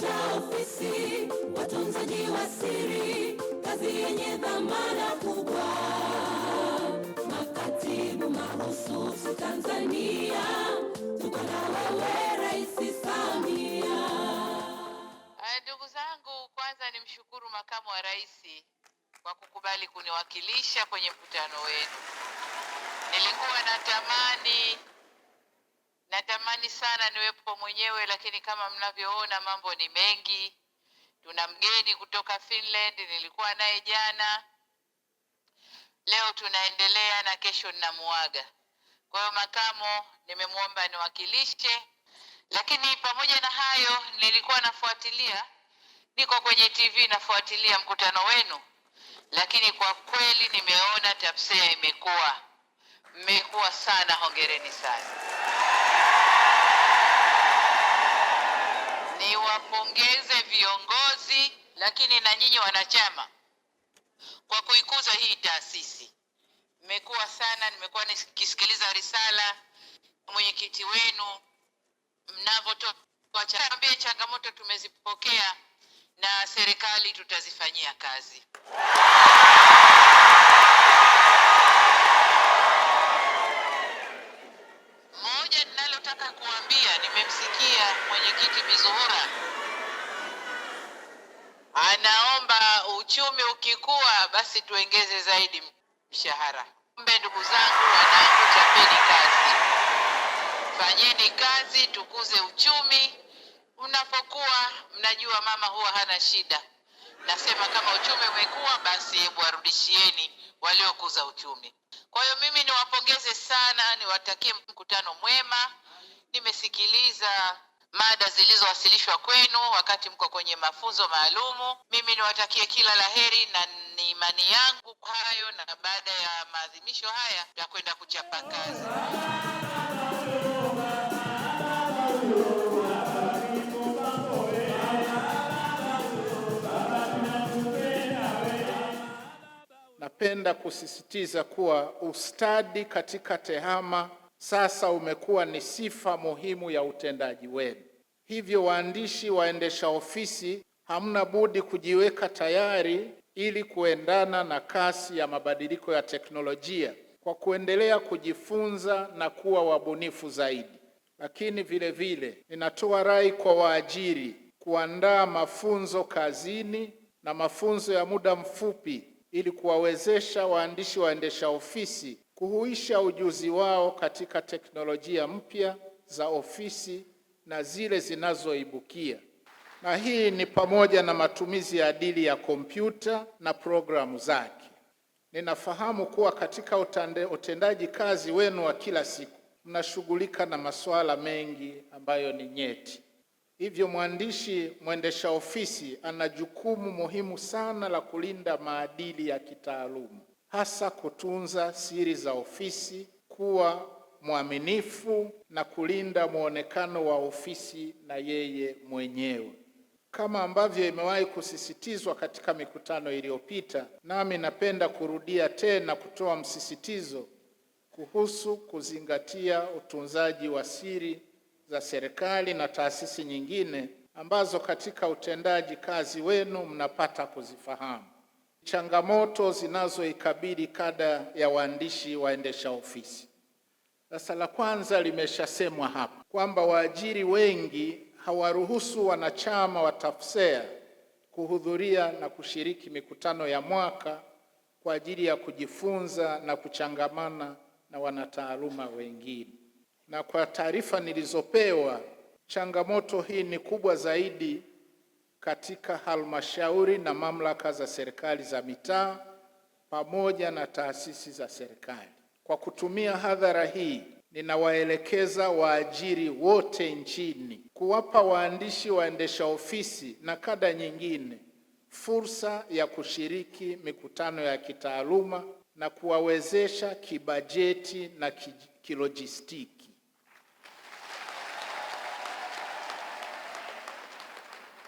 cha ofisi, watunzaji wa siri, kazi yenye dhamana kubwa. Makatibu mahususi Tanzania, tuko na wewe Rais Samia. Eh, ndugu zangu, kwanza nimshukuru makamu wa rais kwa kukubali kuniwakilisha kwenye mkutano wenu. Nilikuwa natamani Natamani sana niwepo mwenyewe, lakini kama mnavyoona mambo ni mengi. Tuna mgeni kutoka Finland, nilikuwa naye jana, leo tunaendelea na kesho ninamuaga. Kwa hiyo makamo nimemwomba niwakilishe, lakini pamoja na hayo nilikuwa nafuatilia, niko kwenye TV nafuatilia mkutano wenu, lakini kwa kweli nimeona TAPSEA imekuwa mmekuwa sana. Hongereni sana. niwapongeze viongozi lakini na nyinyi wanachama kwa kuikuza hii taasisi. Mmekuwa sana, nimekuwa nikisikiliza risala mwenyekiti wenu mnavyotoa chambie, changamoto tumezipokea na serikali tutazifanyia kazi. mwenyekiti Mizuhura anaomba uchumi ukikua, basi tuengeze zaidi mshahara. Mbe ndugu zangu, wanangu, chapeni kazi, fanyeni kazi, tukuze uchumi. Mnapokuwa mnajua mama huwa hana shida. Nasema kama uchumi umekuwa, basi hebu warudishieni waliokuza uchumi. Kwa hiyo mimi niwapongeze sana, niwatakie mkutano mwema. Nimesikiliza mada zilizowasilishwa kwenu wakati mko kwenye mafunzo maalumu. Mimi niwatakie kila laheri na ni imani yangu hayo, na baada ya maadhimisho haya ya kwenda kuchapa kazi. Napenda kusisitiza kuwa ustadi katika tehama sasa umekuwa ni sifa muhimu ya utendaji wenu. Hivyo waandishi, waendesha ofisi, hamna budi kujiweka tayari ili kuendana na kasi ya mabadiliko ya teknolojia kwa kuendelea kujifunza na kuwa wabunifu zaidi. Lakini vile vile ninatoa rai kwa waajiri kuandaa mafunzo kazini na mafunzo ya muda mfupi ili kuwawezesha waandishi waendesha ofisi kuhuisha ujuzi wao katika teknolojia mpya za ofisi na zile zinazoibukia, na hii ni pamoja na matumizi ya adili ya kompyuta na programu zake. Ninafahamu kuwa katika utande, utendaji kazi wenu wa kila siku mnashughulika na masuala mengi ambayo ni nyeti. Hivyo mwandishi mwendesha ofisi ana jukumu muhimu sana la kulinda maadili ya kitaaluma hasa kutunza siri za ofisi, kuwa mwaminifu na kulinda mwonekano wa ofisi na yeye mwenyewe. Kama ambavyo imewahi kusisitizwa katika mikutano iliyopita, nami napenda kurudia tena kutoa msisitizo kuhusu kuzingatia utunzaji wa siri za serikali na taasisi nyingine ambazo katika utendaji kazi wenu mnapata kuzifahamu changamoto zinazoikabili kada ya waandishi waendesha ofisi. Sasa la kwanza limeshasemwa hapa kwamba waajiri wengi hawaruhusu wanachama wa TAFSEA kuhudhuria na kushiriki mikutano ya mwaka kwa ajili ya kujifunza na kuchangamana na wanataaluma wengine. Na kwa taarifa nilizopewa, changamoto hii ni kubwa zaidi katika halmashauri na mamlaka za serikali za mitaa pamoja na taasisi za serikali. Kwa kutumia hadhara hii, ninawaelekeza waajiri wote nchini kuwapa waandishi, waendesha ofisi na kada nyingine fursa ya kushiriki mikutano ya kitaaluma na kuwawezesha kibajeti na kilojistiki.